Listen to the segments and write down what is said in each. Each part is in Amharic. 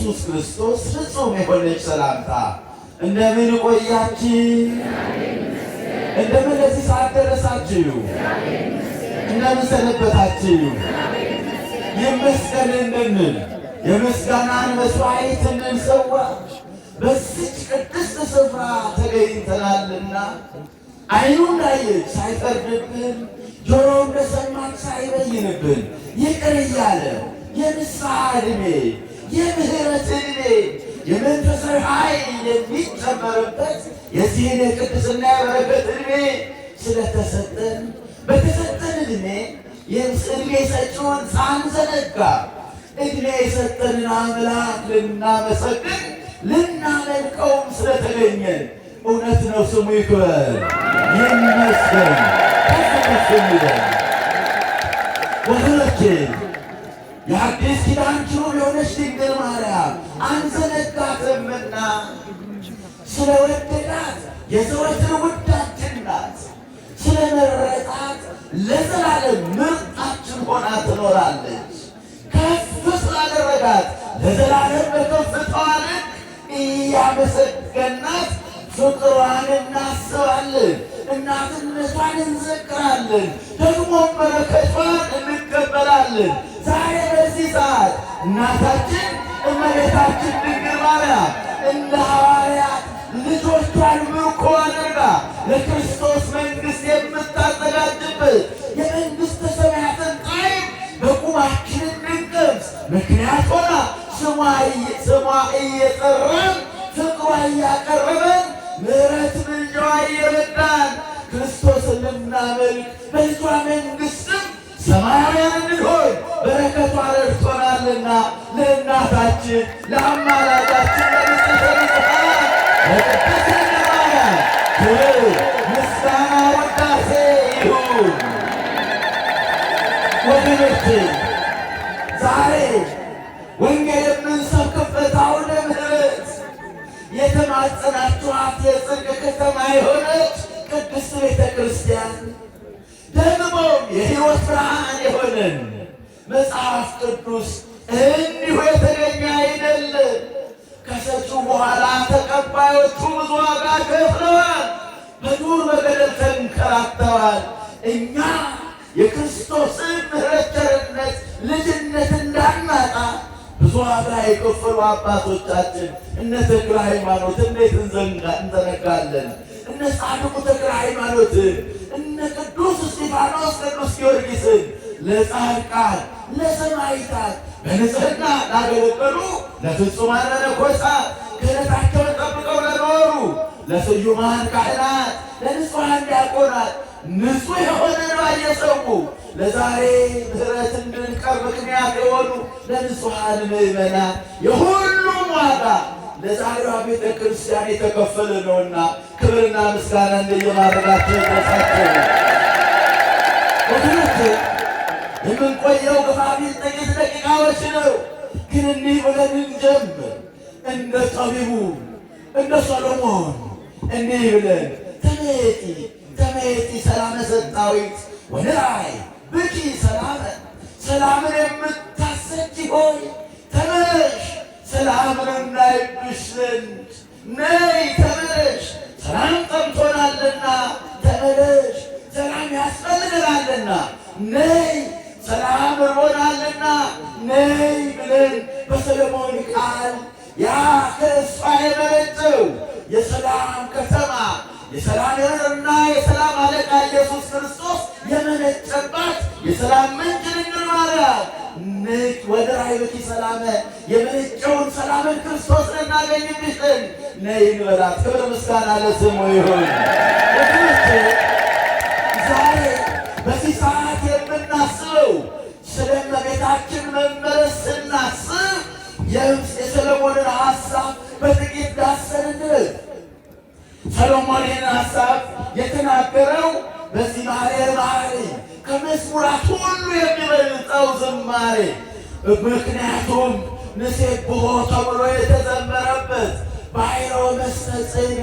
ኢየሱስ ክርስቶስ ፍጹም የሆነች ሰላምታ እንደምን ቆያችን? እንደምን ለዚህ ሰዓት ደረሳችሁ? እንደምን ሰነበታችሁ? ይመስገን እንድንል የምስጋናን መሥዋዕት እንድንሰዋ በዚች ቅድስት ስፍራ ተገኝተናልና ዓይኑ እንዳየች ሳይፈርድብን ጆሮ እንደሰማች ሳይበይንብን ይቅር እያለ የንስሐ ዕድሜ የምህረት የመንፈሳዊ ኃይል የሚጨመርበት የዚህን የቅድስና የበረከት ዕድሜ ስለተሰጠን በተሰጠን ዕድሜ ዕድሜ ሰጪውን ሳንዘነጋ ዕድሜ የሰጠንን አምላክ ልናመሰግን ልናመልከውም ስለተገኘን እውነት ነው። ስሙ ይክበር ይመስገን። ከፍ ይበል ወገኖቼ። የአዲስ ኪዳን ኪሩብ የሆነች ድንግል ማርያም አንዘነጋትምና ስለወደዳት የዘወትር ውዳችን ናት። ስለመረጣት ለዘላለም ምርጣችን ሆና ትኖራለች። ከፍ ስላደረጋት ለዘላለም በከፍታዋ እያመሰገናት ፍቅሯን እናስባለን፣ እናትነቷን እንዘክራለን፣ ደግሞ በረከቷን እንቀበላለን። ዛሬ በዚህ ሰዓት እናታችን እመቤታችን ድንግል ማርያም እንደ ሐዋርያት ልጆቿን ምርኮ አድርጋ ለክርስቶስ መንግሥት የምታዘጋጅበት የመንግሥተ ሰማያትን ጣዕም በቁማችን እንድንቀምስ ምክንያት ሆና ስሟ እየጠራን ፍቅሯ እያቀረበን ምሕረት ምልጃዋ እየረዳን ክርስቶስን ልናመልክ በልጇ መንግሥት ሰማያውያንን ሆይ በረከቷ ረድቶናልና ለእናታችን ለአማላጃችን ምስጋና ወዳሴ ይሁን። ወገኖቼ ዛሬ ወንጌል የምንሰብክበት አውደ ምሕረት የተማጸናችኋት የጽድቅ ከተማ የሆነች ቅድስት ቤተ ክርስቲያን ደግሞ የሕይወት ብርሃን የሆነን መጽሐፍ ቅዱስ እንዲሁ የተገኘ አይደለም። ከሰጡ በኋላ ተቀባዮቹ ብዙ ዋጋ ከፍለዋል። በዱር በገደል ተንከራተዋል። እኛ የክርስቶስን ምሕረት፣ ቸርነት፣ ልጅነት እንዳናጣ ብዙ ዋጋ የከፈሉ አባቶቻችን እነ ተክለ ሃይማኖት እንዴት እንዘነጋለን? እነ ጻድቁ ተክለ ሃይማኖትን እነ ቅዱስ እስጢፋኖስ፣ ቅዱስ ጊዮርጊስን ለጻድቃን ለሰማዕታት በንጽህና ላገለገሉ ለፍጹማን መነኮሳት ክህነታቸውን ጠብቀው ለኖሩ ለስዩማን ካህናት ለንጹሐን ዲያቆናት ንጹሕ የሆነ ነው እየሰሙ ለዛሬ ምሕረት እንድንቀር ምክንያት የሆኑ ለንጹሐን ምዕመናን የሁሉም ዋጋ ለዛሬዋ ቤተ ክርስቲያን የተከፈለ ነውና ክብርና ምስጋና እንደየማድረጋቸው ይደርሳቸው። ወገኖች የምንቆየው ግፋቢል ጥቂት ደቂቃዎች ነው፣ ግን እንዲህ ብለን እንጀምር። እንደ ጠቢቡ እንደ ሰሎሞን እንዲህ ብለን ተመየጢ ተመየጢ ሰላመ ሰጣዊት ወደ ላይ ሰላመ ሰላምን የምታሰጅ ሆይ ሰላም ዘንድ ነይ ተመለሽ፣ ሰላም ጠምቶናልና ተመለሽ፣ ሰላም ያስፈልገናልና ነይ፣ ሰላም ርቦናልና ነይ ብለን በሰለሞን ቃል ያ ከእሷ የመነጨው የሰላም ከተማ የሰላም እና የሰላም አለቃ ኢየሱስ ክርስቶስ የመነጨባት የሰላም ምንጭ ድንግል ማርያም ምት ወደ ራይበት ሰላመ የመነጨውን ሰላምን ክርስቶስ እናገኝብሽ ዘንድ ነይ እንበላት። ክብር ምስጋና ለስሙ ይሁን። ዛሬ በዚህ ሰዓት የምናስበው ስለ እመቤታችን መመለስ ስናስብ የሰለሞንን ሀሳብ በጥቂት ዳሰንልን። ሰሎሞን ይህን ሀሳብ የተናገረው በዚህ ባህር ባህሪ ከመዝሙራት ሁሉ የሚበልጥ የሚገልጸው ዝማሬ ምክንያቱም ንሴብሖ ተብሎ የተዘመረበት ባሕረወ መስተጽእነ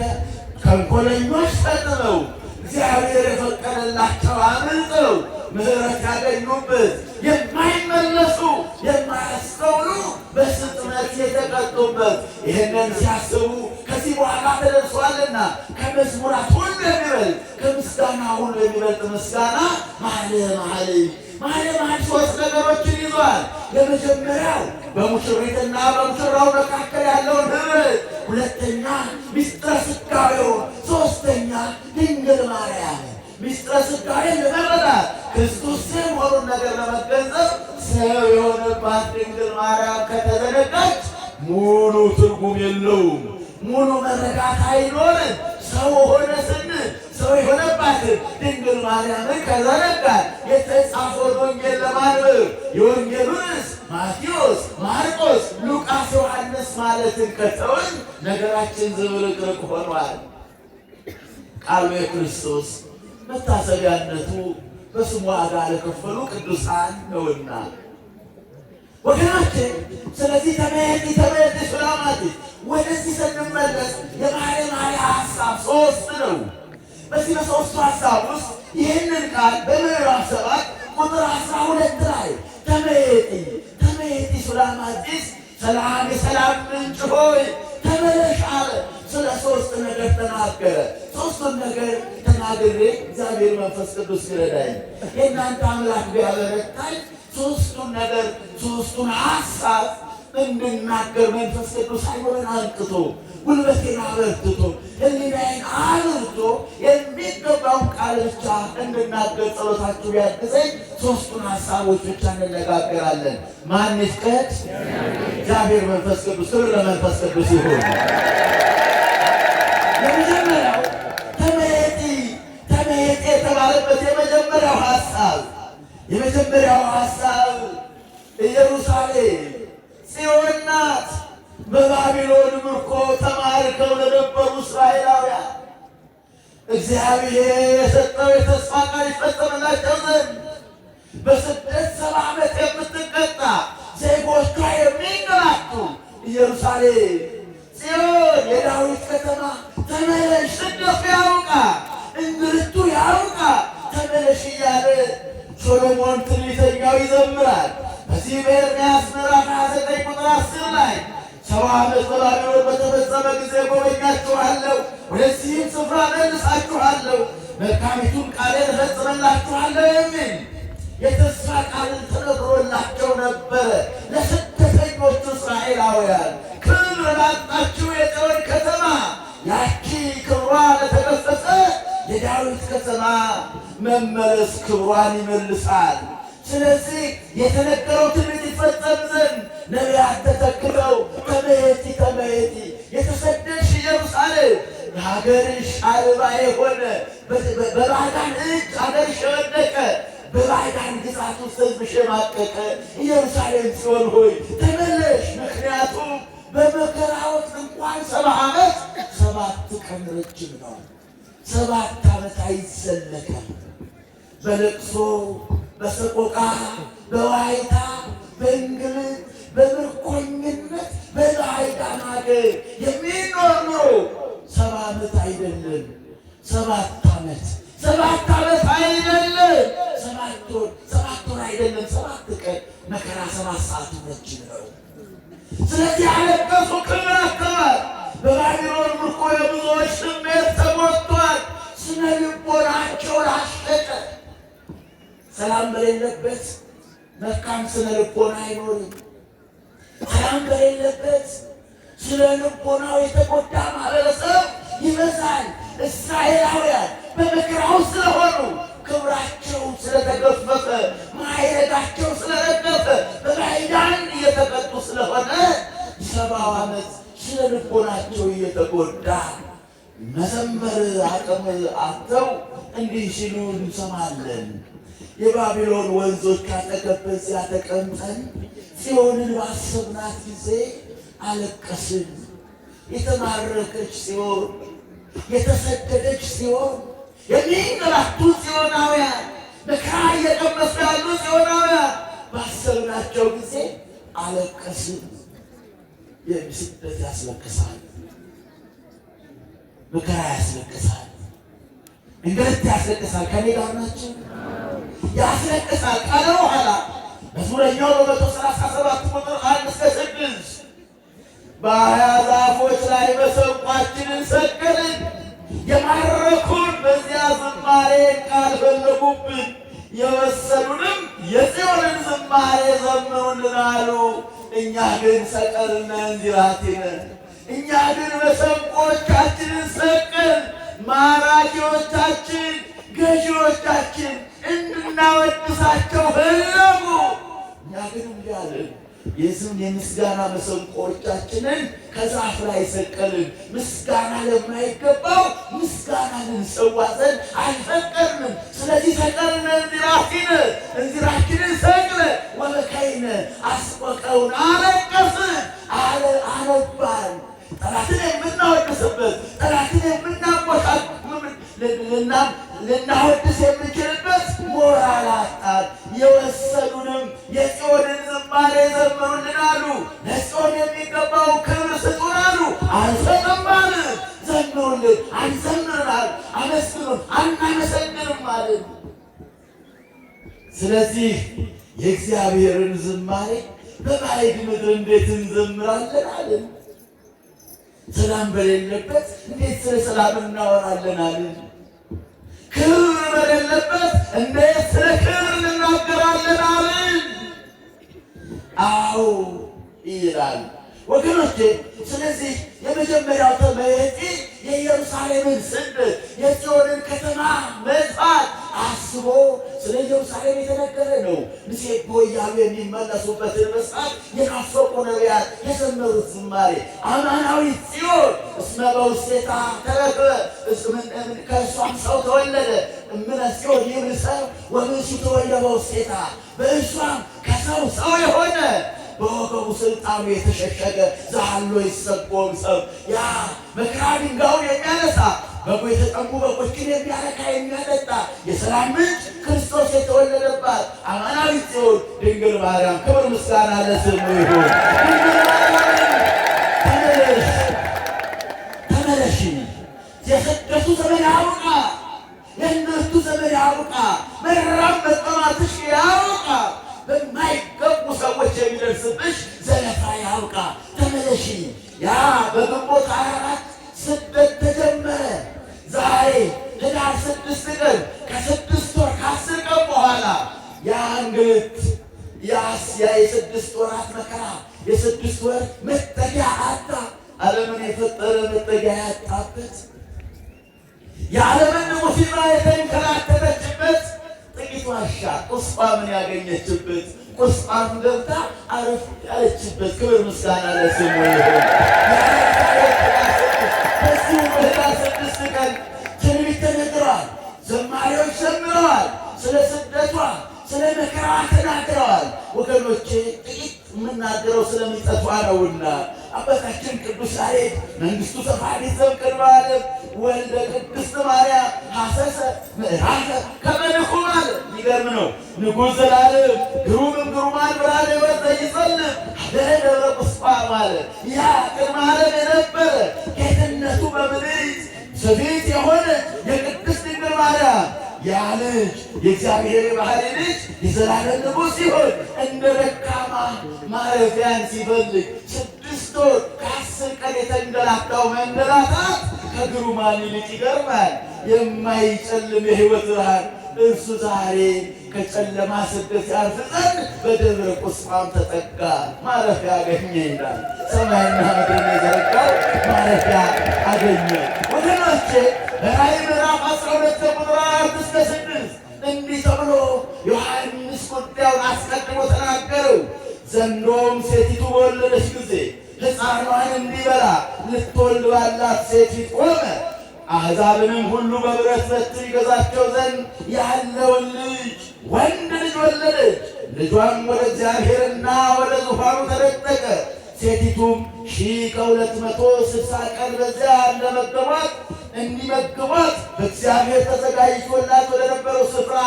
ተንኮለኞች ጸጥለው እግዚአብሔር የፈቀደላቸው አምልጠው ምሕረት ያገኙበት የማይመለሱ የማያስተውሉ በስጥመት የተቀጡበት ይህንን ሲያስቡ ከዚህ በኋላ ተደርሷልና ከመዝሙራት ሁሉ የሚበልጥ ከምስጋና ሁሉ የሚበልጥ ምስጋና መኃልየ መኃልይ ባለ ባህል ሶስት ነገሮችን ይዟል። የመጀመሪያው በሙሽሪትና በሙሽራው መካከል ያለውን ህብረት፣ ሁለተኛ ሚስጥረ ስጋዌውን፣ ሶስተኛ ድንግል ማርያም ሚስጥረ ስጋዌን ለመረዳት ክርስቶስን ሆኑን ነገር ለመገንዘብ ሰው የሆነባት ድንግል ማርያም ከተዘነጋች ሙሉ ትርጉም የለውም። ሙሉ መረዳት አይኖርን ሰው ሆነ ስንል ሰው የሆነባት ድንግል ማርያምን ከዘረጋት የተጻፈውን ወንጌል ለማንበብ የወንጌሉንስ ማቴዎስ፣ ማርቆስ፣ ሉቃስ፣ ዮሐንስ ማለትን ከተውን ነገራችን ዝብርቅርቅ ሆኗል። ቃሉ የክርስቶስ መታሰቢያነቱ በስሙ ዋጋ ለከፈሉ ቅዱሳን ነውና ወገኖቼ። ስለዚህ ተመየጢ ተመየጢ ሱላማጢ ወደዚህ ስንመለስ የባህሪ ሀሳብ ሶስት ነው። በዚህ በሶስቱ ሀሳብ ውስጥ ይህንን ቃል በምዕራፍ ሰባት ቁጥር አስራ ሁለት ላይ ተመየጢ ተመየጢ ሱላም አዲስ ሰላም የሰላም ምንጭ ሆይ ተመለሽ አለ። ስለ ሶስት ነገር ተናገረ። ሶስቱን ነገር ተናግሬ እግዚአብሔር መንፈስ ቅዱስ ይረዳኝ። የእናንተ አምላክ ቢያበረታኝ ሶስቱን ነገር ሶስቱን ሀሳብ እንድናገር መንፈስ ቅዱስ አይሆን አንቅቶ ጉልበቴን አበርትቶ ህሊናዬን አብርቶ የሚገባውን ቃል ብቻ እንድናገር ጸሎታችሁ ቢያግዘኝ። ሶስቱን ሀሳቦች ብቻ እንነጋገራለን። ማን ይፍቀድ? እግዚአብሔር መንፈስ ቅዱስ። ክብር ለመንፈስ ቅዱስ ይሁን። የመጀመሪያው ተመየጢ ተመየጢ የተባለበት የመጀመሪያው ሀሳብ የመጀመሪያው ሀሳብ ኢየሩሳሌም ጽዮን ናት። በባቢሎን ምርኮ ተማርከው ለነበሩ እስራኤላውያን እግዚአብሔር የሰጠው የተስፋ ቃል ይፈጸምላቸው ዘንድ በስደት ሰባ ዓመት የምትቀጣ ዜጎቿ የሚንገላቱ ኢየሩሳሌም ጽዮን የዳዊት ከተማ ተመለሽ፣ ስደቱ ያውቃል፣ እንግልቱ ያውቃል፣ ተመለሽ እያለ ሶሎሞን ትንቢተኛው ይዘምራል። በዚህ በኤርምያስ ምዕራፍ 29 ቁጥር 10 ላይ ሰባ ዓመት በባቢሎን በተፈጸመ ጊዜ ጎበኛችኋለሁ፣ ወደዚህም ስፍራ መልሳችኋለሁ፣ መልካሚቱን ቃሌን እፈጽምላችኋለሁ የሚል የተስፋ ቃልን ተነግሮላቸው ነበረ። ለስደተኞቹ እስራኤላውያን ክብር ላጣችው የጽዮን ከተማ ያቺ ክብሯ ለተገፈጸ የዳዊት ከተማ መመለስ ክብሯን ይመልሳል። ስለዚህ የተነገረው ትንቢት ይፈጸም ዘንድ ነቢያት ተተክተው ከመሄቲ ከመሄቲ የተሰደድሽ ኢየሩሳሌም ሀገርሽ አልባ የሆነ በባዕዳን እጅ ሀገርሽ የወደቀ በባዕዳን ግዛት ውስጥ ሕዝብሽ የማቀቀ ኢየሩሳሌም ጽዮን ሆይ ተመለሽ። ምክንያቱም በመከራዎት እንኳን ሰባ ዓመት ሰባት ቀን ረጅም ነው። ሰባት ዓመት አይዘለቀም በለቅሶ በሰቆቃ በዋይታ በእንግልት በምርኮኝነት በላይዳ ማገር የሚኖር ነው። ሰባ ዓመት አይደለም፣ ሰባት ዓመት ሰባት ዓመት አይደለም፣ ሰባት ወር ሰባት ወር አይደለም፣ ሰባት ቀን መከራ ሰባት ሰዓት ነች ነው። ስለዚህ አለቀሱ ክብራተዋል። በባቢሎን ምርኮ የብዙዎች ስሜት ተሞልቷል። ስነ ልቦናቸውን አሸቀ። ሰላም በሌለበት መልካም ስነ ልቦና አይኖርም። ሰላም በሌለበት ስነ ልቦናው የተጎዳ ማህበረሰብ ይበዛል። እስራኤላውያን በመከራው ስለሆኑ ክብራቸው ስለተገፈፈ ማዕረጋቸው ስለረገፈ በባዕዳን እየተቀጡ ስለሆነ ሰባው ዓመት ስነ ልቦናቸው እየተጎዳ መዘመር አቅም አጥተው እንዲህ ሲሉ እንሰማለን። የባቢሎን ወንዞች ካጠገብ በዚያ ተቀምጠን ጽዮንን ባሰብናት ጊዜ አለቀስን። የተማረከች ጽዮን፣ የተሰደደች ጽዮን፣ የሚንገላቱ ጽዮናውያን፣ መከራ እየቀመሱ ያሉ ጽዮናውያን ባሰብናቸው ጊዜ አለቀስን። ስደት ያስለቅሳል፣ መከራ ያስለቅሳል። እንደዚህ ያስለቅሳል። ከኔ ጋር ናቸው ያስለቅሳል። ቀለ በኋላ መዝሙረኛው በመቶ ሰላሳ ሰባት ቁጥር አንድ እስከ ስድስት በሀያ ዛፎች ላይ መሰንቋችንን ሰቀልን፣ የማረኩን በዚያ ዝማሬ ቃል ፈለጉብን፣ የወሰዱንም የጽዮንን ዝማሬ ዘምሩልን አሉ። እኛ ግን ሰቀልነ እንዚራቲነ፣ እኛ ግን መሰንቆቻችንን ሰቀል ማራኪዎቻችን፣ ገዢዎቻችን እንድናወድሳቸው ፈለጉ። እኛ ግን እንዲያለን የዝም የምስጋና መሰንቆቻችንን ከዛፍ ላይ ሰቀልን። ምስጋና ለማይገባው ምስጋና ልንሰዋ ዘንድ አልፈቀድንም። ስለዚህ ሰቀልነ እንዚራኪነ እንዚራኪንን ሰቅለ ወበካይነ አስቆቀውን አለቀስን አለባን ጠላትን የምናወድስበት ጠላትን የምናቆሻል ልናወድስ የምችልበት ሞራል አጣን። የወሰዱንም የጽዮንን ዝማሬ ዘመሩልን አሉ። ለጽዮን የሚገባው ክብር ስጡን አሉ። አንሰጥማል ዘምሩልን፣ አንዘምርናል፣ አመስግኑን፣ አናመሰግንም አለን። ስለዚህ የእግዚአብሔርን ዝማሬ በባዕድ ምድር እንዴት እንዘምራለን አለን። ሰላም በሌለበት እንዴት ስለ ሰላም እናወራለን አለ ክብር በሌለበት እንዴት ስለ ክብር እናገራለን አለ አዎ ይላል ወገኖቼ። ስለዚህ የመጀመሪያው ተመጪ የኢየሩሳሌምን ስብ የጽዮንን ከተማ መጥፋት አስቦ ስለ ኢየሩሳሌም የተነገረ ነው። ንሴቦ እያሉ የሚመለሱበትን መስራት የናፈቁ ነቢያት የዘመሩት ዝማሬ አማናዊት ጽዮን እስመ በውስቴታ ተረክበ ከእሷም ሰው ተወለደ እምነ ጽዮን ይብል ሰብ ወብእሱ ተወልደ በውስቴታ በእሷም ከሰው ሰው የሆነ በወገቡ ስልጣኑ የተሸሸገ ዛሎ ይሰጎም ሰብ ያ መከራ ድንጋዩን የሚያነሳ በጎ የተጠሙ ግን የሚያረካ የሚያጠጣ የሰላም ምንጭ ክርስቶስ የተወለደባት አማናዊ ጽዮን ድንግል ማርያም ክብር ምስጋና ለስሙ ይሁን። ተመለሽ የስደቱ ዘመን ያውቃ፣ የእነርቱ ዘመን ያውቃ፣ መራብ መጠማትሽ ያውቃ በማይገቡ ሰዎች የሚደርስብሽ ዘለፋ ያውቃ። ተመለሺ። ያ በግንቦት አራት ስደት ተጀመረ። ዛሬ ህዳር ስድስት ቀን ከስድስት ወር ከአስር ቀን በኋላ ያ እንግልት ያስ ያ የስድስት ወራት መከራ የስድስት ወር መጠጊያ አጣ። ዓለምን የፈጠረ መጠጊያ ያጣበት የዓለምን ሙሲባ የተንከራተተችበት ጥቂት ዋሻ ቁስቋምን ምን ያገኘችበት ቁስቋም ገብታ አረፍ ያለችበት። ክብር ምስጋና ለስሙ ይሁን። በዚሁ በህዳ ስድስት ቀን ትንቢት ተነግረዋል። ዘማሪዎች ዘምረዋል። ስለ ስደቷ ስለ መከራ ተናግረዋል። ወገኖቼ ጥቂት የምናገረው ስለሚጠፋ ነውና አባታችን ቅዱስ ያሬድ መንግስቱ ተፋሪ ዘብ ቅድመ ዓለም ወልደ ቅድስት ማርያም ሐሰሰ ምዕራፈ ከመንኩ ማለ ይገርም ነው። ንጉሥ ዘላለም ግሩም ግሩማን ብርሃነ ወርተ ይጸልም ለደብረ ቁስቋ ማለ ያ ቅድመ ዓለም የነበረ ጌትነቱ በምድር ስፊት የሆነ የቅድስት ድንግል ማርያም ያ ልጅ የእግዚአብሔር የባህሪ ልጅ የዘላለም ንጉሥ ሲሆን እንደ ደካማ ማረፊያን ሲፈልግ ስድስት ወር ከአስር ቀን የተንገላታው መንገላታት ከግሩማን ይልቅ ይገርማል። የማይጨልም የሕይወት ብርሃን እርሱ ዛሬ ከጨለማ ስደት ያርፍ ዘንድ በደብረ ቁስቋም ተጠጋ፣ ማረፊያ አገኘ ይላል። ሰማይና ምድር የዘረጋው ማረፊያ አገኘ ወገኖቼ ራዕይ ምዕራፍ አስራ ሁለት ቁጥር አራት እስከ ስድስት እንዲህ ተብሎ ዮሐንስ ጉዳዩን አስቀድሞ ተናገረው። ዘንዶም ሴቲቱ በወለደች ጊዜ ሕፃኗን እንዲበላ ልትወልድ ባላት ሴቲት ፊት ቆመ። አሕዛብንም ሁሉ በብረት በትር ይገዛቸው ዘንድ ያለውን ልጅ ወንድ ልጅ ወለደች። ልጇም ወደ እግዚአብሔርና ወደ ዙፋኑ ተደጠቀ። ሴቲቱም ሺህ ከሁለት መቶ ስልሳ ቀን በዚያ ለመገቧት እንዲመግቧት በእግዚአብሔር ተዘጋጅቶላት ወደ ነበረው ስፍራ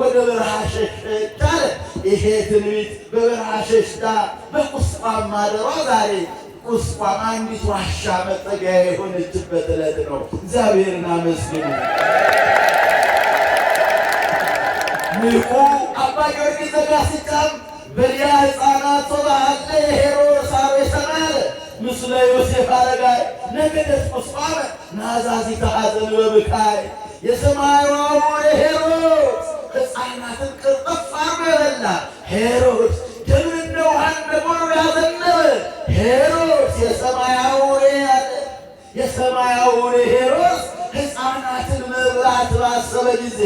ወደ በረሃ ሸሸች አለ። ይሄ ትንቢት በበረሃ ሸሽታ በቁስቋም ማደሯ ዛሬ ቁስቋም አንዲት ዋሻ መጠጊያ የሆነችበት ዕለት ነው። እግዚአብሔርን አመስግኑ። ምልኩ አባ ጊዮርጊስ ዘጋስጫም በሊያ ሕፃናት ሶባሃለ የሄሮድ ይሰራ አለ ምስለ ዮሴፍ አረጋይ ነገደስ ቁስቋመ ናዛዚ ተሐዘን በብካይ የሰማያዊ ሄሮድስ ሕፃናትን ቅርጥፍ አርጎ የበላ ሄሮድስ ደምንና ውሃን በጎኑ ያዘነበ ሄሮድስ የሰማያዊ ያለ የሰማያዊ ሄሮድስ ሕፃናትን መብላት ባሰበ ጊዜ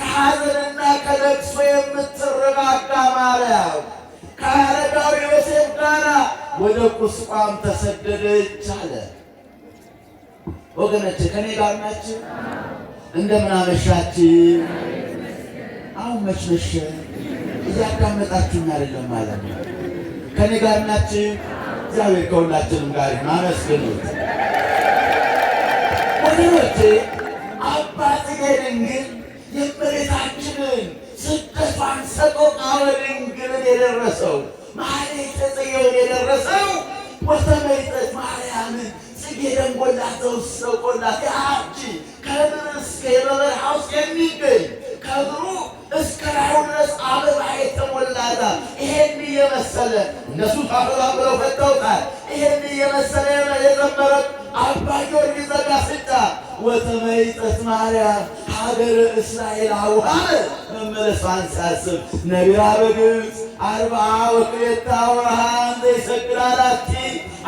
ከሐዘንና ከለቅሶ የምትረጋጋ ማርያም ከአረጋዊ ዮሴፍ ጋር ወደ ቁስቋም ተሰደደች አለ። ወገኖች ከኔ ጋር ናችሁ? እንደምን አመሻችሁ? አሁን መሽመሸ እያዳመጣችሁኝ አይደለም ማለት ነው። ከኔ ጋር ናችሁ? እግዚአብሔር ከሁላችንም ጋር ማመስገኑት ወገኖቼ አባት ጽጌ ድንግል የእመቤታችንን ስደቷን ሰቆቃ ድንግልን የደረሰው ማህሌተ ጽዮን የደረሰው ወተመይጠት ማርያምን ጽጌ ደንጎላት ዘውስቆላት ያቺ ከብር እስከ የበረሃ ውስጥ የሚገኝ ከብሩ እስከ ላዩ ድረስ አበባ የተሞላታ ይሄን የመሰለ እነሱ ታፈላ ብለው ፈተውታል። ይሄን የመሰለ የዘመረ አባ ጊዮርጊስ ዘጋስጫ ወተመይጠት ማርያም ሀገር እስራኤል አውሃነ መመለስ አንሳስብ ነቢራ በግብፅ አርባ ወክሌታ ወርሃ ዘይሰግዳላቲ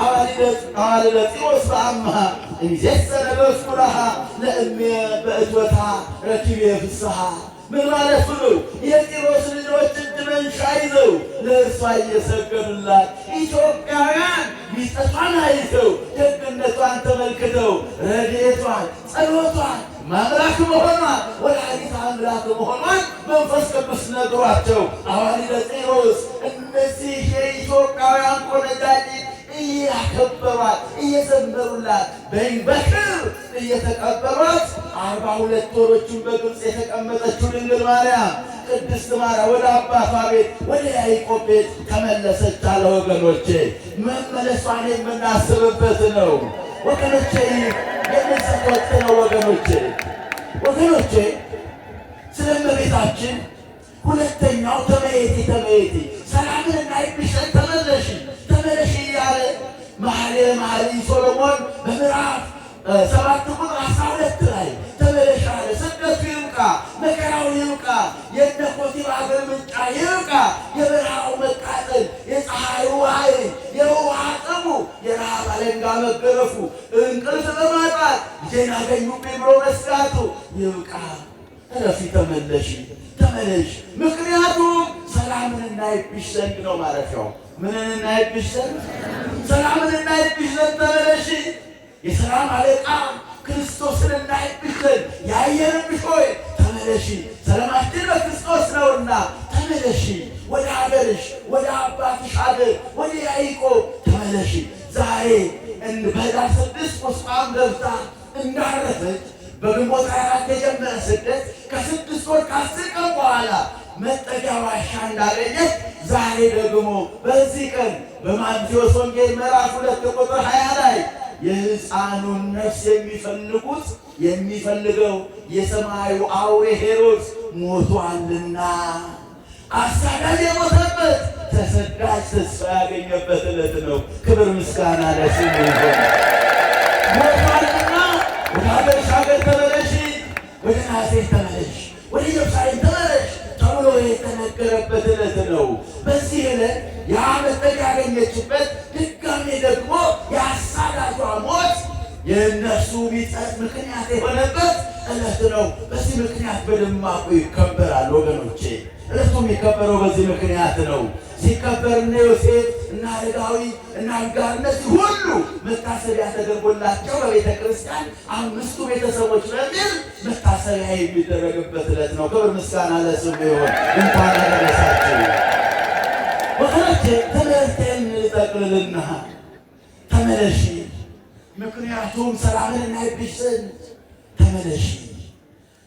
አዋልደ ጢሮስ በአምሃ እንዘሰ ለእሜ በእትወታ ረኪቤ ፍስሐ ምን ማለት ብሎ የጢሮስ ልጆች እጅ መንሻ ይዘው ለእርሷ እየሰገዱላት ኢትዮጵያውያን ሚስጠቷን አይተው ደግነቷን ተመልክተው ረድኤቷን ጸሎቷን ማምላክ መሆኗ ወላዲተ አምላክ መሆኗን መንፈስ ቅዱስ ነግሯቸው ሐዋርያው ጢሮስ እነዚህ የኢትዮጵያውያን ቆነጃጅት እያከበሯት እየዘመሩላት በክብር እየተቀበሏት አርባ ሁለት ወሮችን በግብፅ የተቀመጠችው ድንግል ማርያም ቅድስት ማርያም ወደ አባቷ ቤት ወደ ያዕቆብ ቤት ተመለሰች አለ። ወገኖቼ መመለሷን የምናስብበት ነው። ወገኖቼ፣ የምንሰለጥነው ወገኖቼ ወገኖቼ ስለ እመቤታችን ሁለተኛው ተመየቲ ተመየቲ ሰላምን እናይብሽን ተመለሽ ተመለሽ እያለ መኃልየ መኃልይ ሶሎሞን በምዕራፍ ሰባት ቁጥር አስራ ሁለት ላይ ተመለሽ አለ። ስደቱ ይብቃ፣ መከራው ይብቃ፣ የነ ኮቲባ ግልምጫ ይብቃ፣ የበረሃው መቃጠል፣ የፀሐዩ ኃይል የውሃ ጥሙ፣ የረሃብ አለንጋ መገረፉ፣ እንቅልፍ በማጣት ልጄን አገኙብኝ ብሎ መስጋቱ ይብቃ። እረፊ፣ ተመለሽ፣ ተመለሽ። ምክንያቱም ሰላምን እናይብሽ ዘንድ ነው ማረፊያው። ምንን እናይብሽ ዘንድ? ሰላምን እናይብሽ ዘንድ ተመለሽ። የሰላም አለቃ ክርስቶስን እናይብሽን ያየንብሽ ሆይ ተመለሺ፣ ሰላማችን በክርስቶስ ነውና ተመለሺ። ወደ ሀገርሽ ወደ አባትሽ ሀገር ወደ ያዕቆብ ተመለሺ። ዛሬ በህዳር ስድስት ቁስቋም ገብታ እንዳረፈች በግንቦት አራት የጀመረ ስደት ከስድስት ወር ከአስር ቀን በኋላ መጠጊያ ዋሻ እንዳገኘች ዛሬ ደግሞ በዚህ ቀን በማቴዎስ ወንጌል ምዕራፍ ሁለት ቁጥር ሀያ የሕፃኑን ነፍስ የሚፈልጉት የሚፈልገው የሰማዩ አውሬ ሄሮድስ ሞቷልና አሳዳጅ የሞተበት ተሰዳጅ ተስፋ ያገኘበት ዕለት ነው። ክብር ምስጋና ለስ ሞቷልና ወደ ሀገርሽ ሀገር ተመለሽ፣ ወደ ናሴት ተመለሽ፣ ወደ ኢየሩሳሌም ተመለሽ ተብሎ የተነገረበት ዕለት ነው። በዚህ ዕለት ያ መጠጊያ ያገኘችበት ድጋሜ ደግሞ ሞት የእነሱ ቢጸት ምክንያት የሆነበት እለት ነው። በዚህ ምክንያት በደማቁ ይከበራል ወገኖቼ። ዕለቱም የሚከበረው በዚህ ምክንያት ነው። ሲከበር እነ ዮሴፍ እና አረጋዊ እና አጋር እነዚህ ሁሉ መታሰቢያ ተደርጎላቸው በቤተ ክርስቲያን አምስቱ ቤተሰቦች በሚል መታሰቢያ የሚደረግበት ዕለት ነው። ክብር ምስጋና ለስሙ ይሆን። እንኳን አደረሳችሁ ወገኖቼ። ትምህርቴን ልጠቅልልና ተመለሺ ምክንያቱም ሰላምን እናይብሽ ተመለሽ።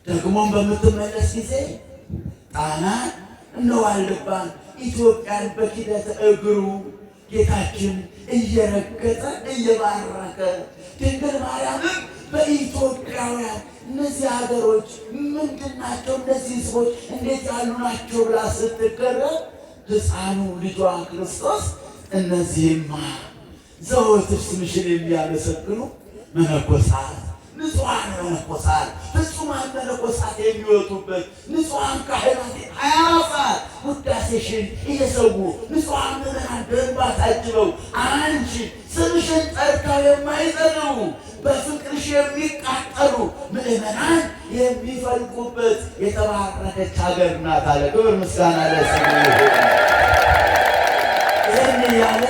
ደግሞም በምትመለስ ጊዜ ጣና እነዋልባን ኢትዮጵያን በኪደተ እግሩ ጌታችን እየረገጠ እየባረከ ድንግል ማርያምን በኢትዮጵያውያን እነዚህ ሀገሮች ምንድን ናቸው? እነዚህ ህዝቦች እንዴት ያሉ ናቸው ብላ ስትገረብ ሕፃኑ ልጇ ክርስቶስ እነዚህማ ዘወትር ስምሽን የሚያመሰግኑ መነኮሳት ንጹሐን መነኮሳት ፍጹማን መነኮሳት የሚወጡበት ንጹሐን ካህናት ሃያ አራት ሰዓት ውዳሴሽን እየሰዉ ንጹሐን ምዕመናን በእንባ ታጅበው አንቺን ስምሽን ጠርተው የማይጠልቡ በፍቅርሽ የሚቃጠሉ ምዕመናን የሚፈልጉበት የተባረከች ሀገር ናት አለ። ክብር ምስጋና ለስሙ ይህን ያለ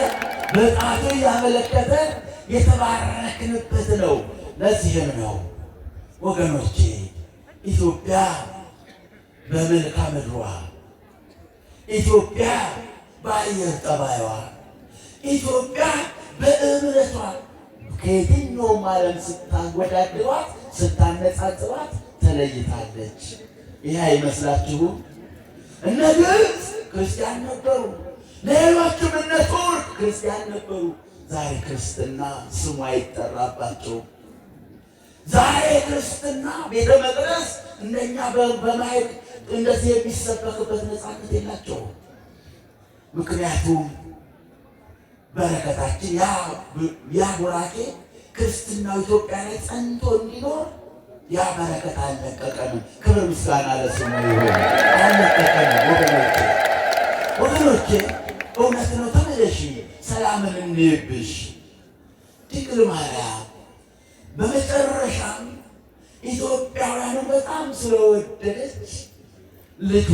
መጽሐፍ እያመለከተ የተባረክንበት ነው። ለዚህም ነው ወገኖቼ ኢትዮጵያ በመልካ ምድሯ፣ ኢትዮጵያ በአየር ጠባይዋ፣ ኢትዮጵያ በእምነቷ ከየትኛውም ዓለም ስታወዳድሯት ስታነጻጽሯት ተለይታለች። ይህ አይመስላችሁም? እነ ግብፅ ክርስቲያን ነበሩ። ሌሎችም እነ ቱርክ ክርስቲያን ነበሩ። ዛሬ ክርስትና ስሙ አይጠራባቸውም። ዛሬ ክርስትና ቤተ መቅደስ እንደኛ በማይክ እንደዚህ የሚሰበክበት ነፃነት ምክንያቱም በረከታችን ያ ቡራኬ ክርስትናው ኢትዮጵያ ላይ ጸንቶ እንዲኖር ያ በረከት አልለቀቀንም። ክብር ምስጋና ለስሙ ይሁን። አልለቀቀንም ወገኖቼ ወገኖቼ እውነት ነው። ተመለሽ፣ ሰላምን እንይብሽ ድንግል ማርያም። በመጨረሻም ኢትዮጵያውያኑ በጣም ስለወደደች ልጇ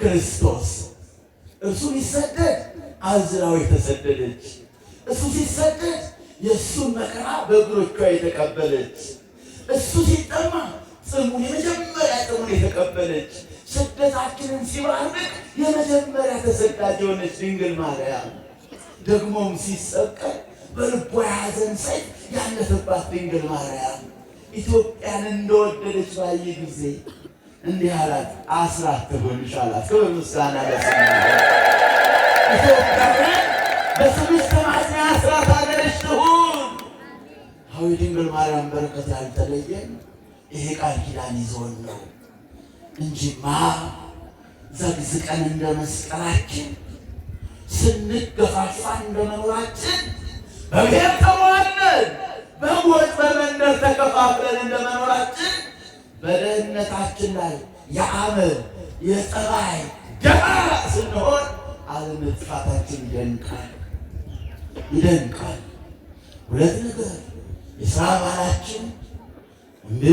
ክርስቶስ እርሱ ሊሰደድ አዝላው የተሰደደች እሱ ሲሰደድ የእሱን መከራ በእግሮቿ የተቀበለች እሱ ሲጠማ ጽሙን የመጀመሪያ ጽሙን የተቀበለች ስደታችንን ሲባርክ የመጀመሪያ ተሰዳጅ የሆነች ድንግል ማርያም ደግሞም ሲሰቀል በልቧ የሐዘን ሰይፍ ያለፈባት ድንግል ማርያም ኢትዮጵያን እንደወደደች ባየ ጊዜ እንዲህ አላት፣ አስራት ትሆንሽ አላት። ክብር ምስጋና ለስም ኢትዮጵያን በስምሽ ተማጽና አስራት ሀገርሽ ትሁን። አዊ ድንግል ማርያም በረከት ያልተለየን ይሄ ቃል ኪዳን ይዞን ነው። እንጂማ ዘግዝቀን እንደ መስቀላችን ስንገፋፋ እንደ መኖራችን በብሔር ተዋለን በሞት በመንደር ተከፋፍለን እንደ መኖራችን በደህንነታችን ላይ የአመል የጸባይ ደባ ስንሆን አለመጥፋታችን ይደንቃል ይደንቃል። ሁለት ነገር የሥራ ባህላችን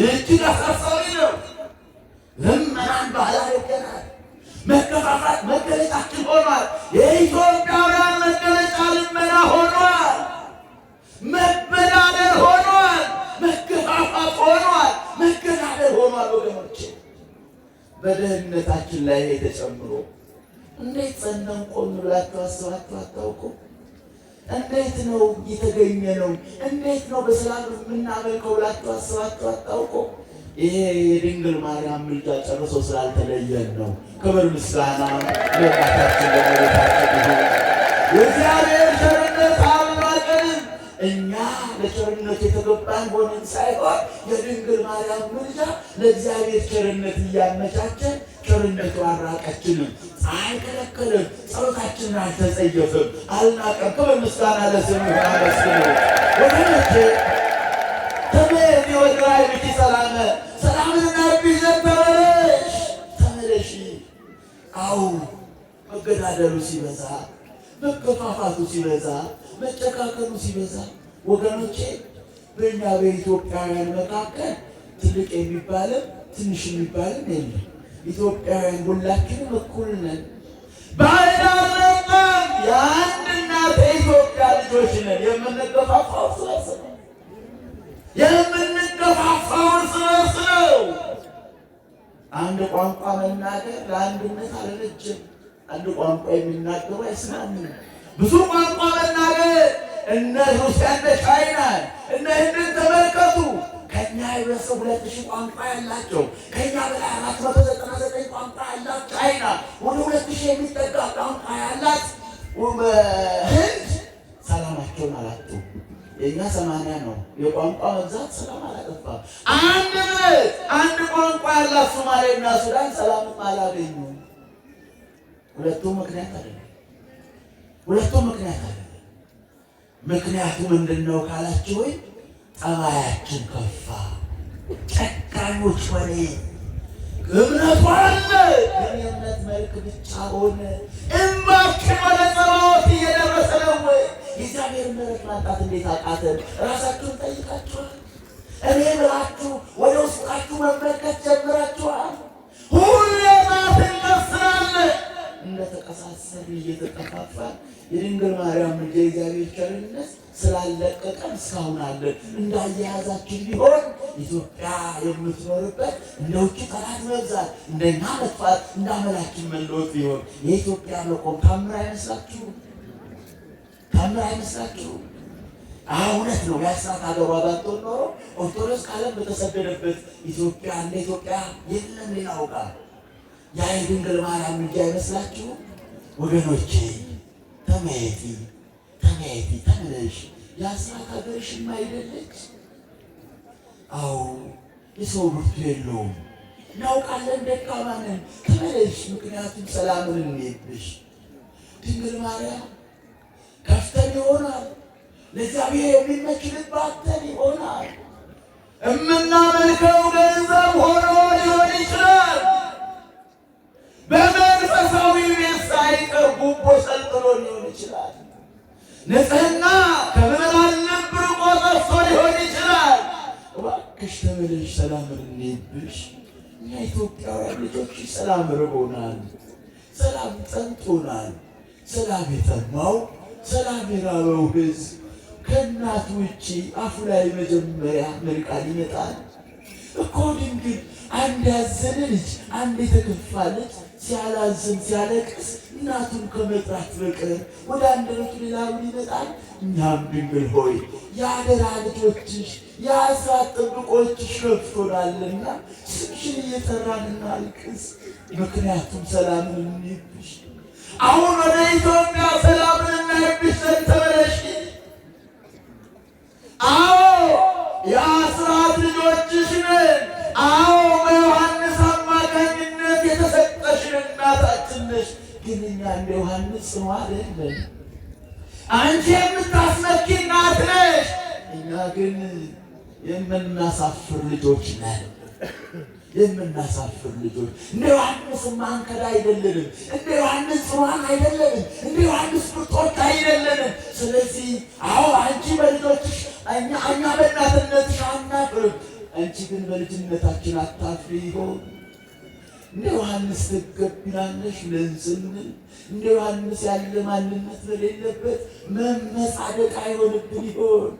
እጅግ ነው። ልመናን ባህል አድርገናል። መከፋፋት መገለጫችን ሆኗል። የኢትዮጵያውያን መገለጫ ልመና ሆኗል። መበዳደር ሆኗል። መከፋፋት ሆኗል። መገዳደር ሆኗል። ወገኖች በደህንነታችን ላይ የተጨምሮ እንዴት ጸነን ቆም ብላችሁ አስባችሁ አታውቁም? እንዴት ነው የተገኘ ነው እንዴት ነው በሰላም የምናመልከው ብላችሁ አስባችሁ አታውቁም? ይሄ የድንግል ማርያም ምልጃ ጨርሶ ስላልተለየን ነው። ክብር ምስጋና ለእናታችን ለመሬታችን ይሁን። የእግዚአብሔር ቸርነት አልናቀንም። እኛ ለቸርነት የተገባን ሆነን ሳይሆን የድንግል ማርያም ምልጃ ለእግዚአብሔር ቸርነት እያመቻቸን ቸርነቱ አራቀችንም፣ ፀሐይ ከለከለን፣ ጸሎታችንን አልተጸየፍም፣ አልናቀም። ክብር ምስጋና ለስም ይሁን። አመስግኑ ወገኖቼ። በግራይ ብቲ ሰላም ሰላምና ልብሽ ነበረሽ ተመለሺ። አዎ መገዳደሉ ሲበዛ፣ መገፋፋቱ ሲበዛ፣ መጨካከሉ ሲበዛ ወገኖቼ በእኛ በኢትዮጵያውያን መካከል ትልቅ የሚባልም ትንሽ የሚባልም የለም። ኢትዮጵያውያን ሁላችንም እኩል ነን። ባይዳመጣም የአንድ እናት ልጆች ነን። የምንገፋፋው ስለስነ የሚገፋፋው እርስ በርስ ነው። አንድ ቋንቋ መናገር ለአንድነት አልበጀም። አንድ ቋንቋ የሚናገሩ አይስማምም። ብዙ ቋንቋ መናገር እነ ሩሲያ እነ ቻይና እነ ህንድን ተመልከቱ። ከእኛ የበሰ ሁለት ሺህ ቋንቋ ያላቸው ከእኛ በላይ አራት መቶ ዘጠና ዘጠኝ ቋንቋ ያላት ቻይና ወደ ሁለት ሺህ የሚጠጋ ቋንቋ ያላት ህንድ ሰላማቸውን አላጡ። የኛ ሰማንያ ነው። የቋንቋ መብዛት ሰላም አላጠፋም። አንድ አንድ ቋንቋ ያላት ሶማሌና ሱዳን ሰላምም አላገኙ ሁለቱም ምክንያት አይደለም። ሁለቱም ምክንያት አይደለም። ምክንያቱ ምንድን ነው ካላችሁ ወይ ጠባያችን ከፋ፣ ጨካኞች ሆነ። እምነቱ አለ ግን የእምነት መልክ ብቻ ሆነ። እምባችን ወደ ጸሎት እየደረሰ ነው ወይ የእግዚአብሔር ምሕረት ማጣት እንዴት አቃተን? ራሳችሁን ጠይቃችኋል? እኔ ብላችሁ ወደ ውስጣችሁ መመልከት ጀምራችኋል? ሁሌ ማትን ደስራለ እንደተቀሳሰል እየተጠፋፋል የድንግል ማርያም ልጅ የእግዚአብሔር ቸርነት ስላለቀቀን እስካሁን አለን። እንዳያያዛችን ቢሆን ኢትዮጵያ የምትኖርበት እንደ ውጭ ጠላት መብዛት፣ እንደኛ መጥፋት፣ እንዳመላችን መለወጥ ቢሆን የኢትዮጵያ መቆም ታምር አይመስላችሁም? ታምር አይመስላችሁም? እውነት ነው። ያሳት ሀገሯ ባትሆን ኖሮ ኦርቶዶክስ ዓለም በተሰደደበት ኢትዮጵያ እንደ ኢትዮጵያ የለም ሌላ ያ የድንግል ማርያም ምልጃ አይመስላችሁም? ወገኖቼ ተመየቲ ተመየቲ ተመለሽ። ያሳት ሀገርሽማ አይደለች? አዎ የሰው ብርቱ የለውም እናውቃለን፣ ደካማ ነን። ተመለሽ፣ ምክንያቱም ሰላምን እንሄድብሽ ድንግል ማርያም ከፍተን ይሆናል። ለእግዚአብሔር የሚመች ልብ አተን ይሆናል። እምናመልከው ገንዘብ ሆኖ ሊሆን ይችላል። በመንፈሳዊ ቤት ሳይቀር ጉቦ ሰልጥኖ ሊሆን ይችላል። ንጽሕና ከምዕራን ልብ ጠፍቶ ሊሆን ይችላል። እባክሽ ተመለሽ፣ ሰላም ርኔብሽ። እኛ ኢትዮጵያውያን ልጆች ሰላም ርቦናል፣ ሰላም ጸንቶናል። ሰላም የጠማው ሰላም የራበው ሕዝብ ከእናቱ ውጪ አፉ ላይ መጀመሪያ መልቃል ይመጣል? እኮ ድንግል አንድ ያዘነ ልጅ፣ አንድ የተከፋ ልጅ ሲያላዝን ሲያለቅስ እናቱን ከመጥራት በቀር ወደ አንደበቱ ሌላ ምን ይመጣል? እኛም ድንግል ሆይ የአደራ ልጆችሽ የአስራት ጥብቆችሽ ረፍቶናልና ስምሽን እየጠራን እናልቅስ። ምክንያቱም ሰላምን እንይብሽ አሁን ወደ ኢትዮጵያ ሰላም ህግሽን ተመለሽ። አዎ የአስራት ልጆችሽ ነን። አዎ በዮሐንስ አማካኝነት የተሰጠሽን እናታችን ነሽ። ግን እኛ እንደ ዮሐንስ ጽኑ አይደለን። አንቺ የምታስመኪ እናት ነሽ፣ እኛ ግን የምናሳፍር ልጆች ነን። የምናሳፍር ልጆች እንደ ዮሐንስ ማንከዳ አይደለንም። እንደ ዮሐንስ ጽኗን አይደለንም። እንደ ዮሐንስ ቁርጦች አይደለንም። ስለዚህ አዎ አንቺ በልጆችሽ እኛ በእናትነትሽ አናፍርም። አንቺ ግን በልጅነታችን አታፍሪ ይሆን? እንደ ዮሐንስ ትገቢናለሽ ለንስንል እንደ ዮሐንስ ያለ ማንነት በሌለበት መመጻደቅ አይሆንብን ይሆን?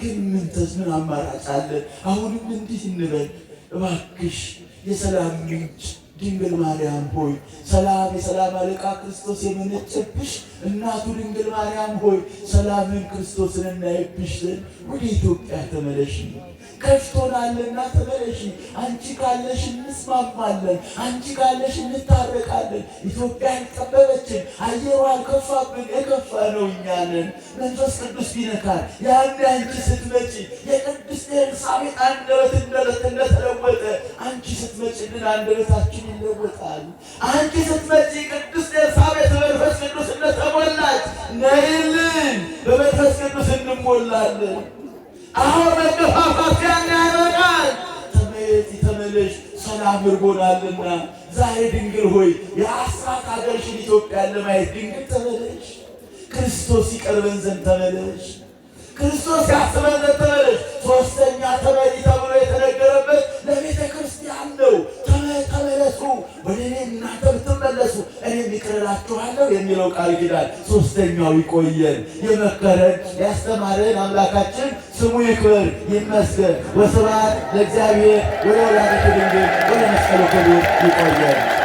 ግን ምንተስ ምን አማራጭ አለን? አሁንም እንዲህ እንበል እባክሽ የሰላም ምንጭ ድንግል ማርያም ሆይ ሰላም የሰላም አለቃ ክርስቶስ የመነጨብሽ እናቱ ድንግል ማርያም ሆይ ሰላምን ክርስቶስን እናይብሽ ዘንድ ወደ ኢትዮጵያ ተመለሽ። ከፍቶናልና ተመለሽ። አንቺ ካለሽ እንስማማለን፣ አንቺ ካለሽ እንታረቃለን። ኢትዮጵያ አልጠበበችን፣ አየሩ አልከፋብን። የከፋ ነው እኛ ነን። መንፈስ ቅዱስ ቢነካል ያን አንቺ ስትመጪ የቅዱስ የኤልሳቤ አንደበት እንደተለወጠ አንቺ ስትመጪልን አንደበታችን ይለወጣል። አንቺ ስትመጪ ቅዱስ ኤልሳቤጥ በመንፈስ ቅዱስ እንደተሞላች ነይልን፣ በመንፈስ ቅዱስ እንሞላለን። አሁን መገፋፋት ያን ያበቃል። ተመየት ተመለሽ፣ ሰላም እርጎናልና። ዛሬ ድንግል ሆይ የአስራት ሀገርሽን ኢትዮጵያን ለማየት ድንግል ተመለሽ፣ ክርስቶስ ይቀርበን ዘንድ ተመለሽ። ክርስቶስ ያስበለተበለች ሶስተኛ ተመሪ ተብሎ የተነገረበት ለቤተ ክርስቲያን ነው። ተመለሱ፣ ወደ እኔ እናንተ ብትመለሱ እኔም ይቅር የሚለው ቃል ኪዳን ሶስተኛው ይቆየን። የመከረን ያስተማረን አምላካችን ስሙ ይክበር ይመስገን። ወስብሐት ለእግዚአብሔር ወለወላዲቱ ድንግል ወለመስቀሉ ክቡር። ይቆየን።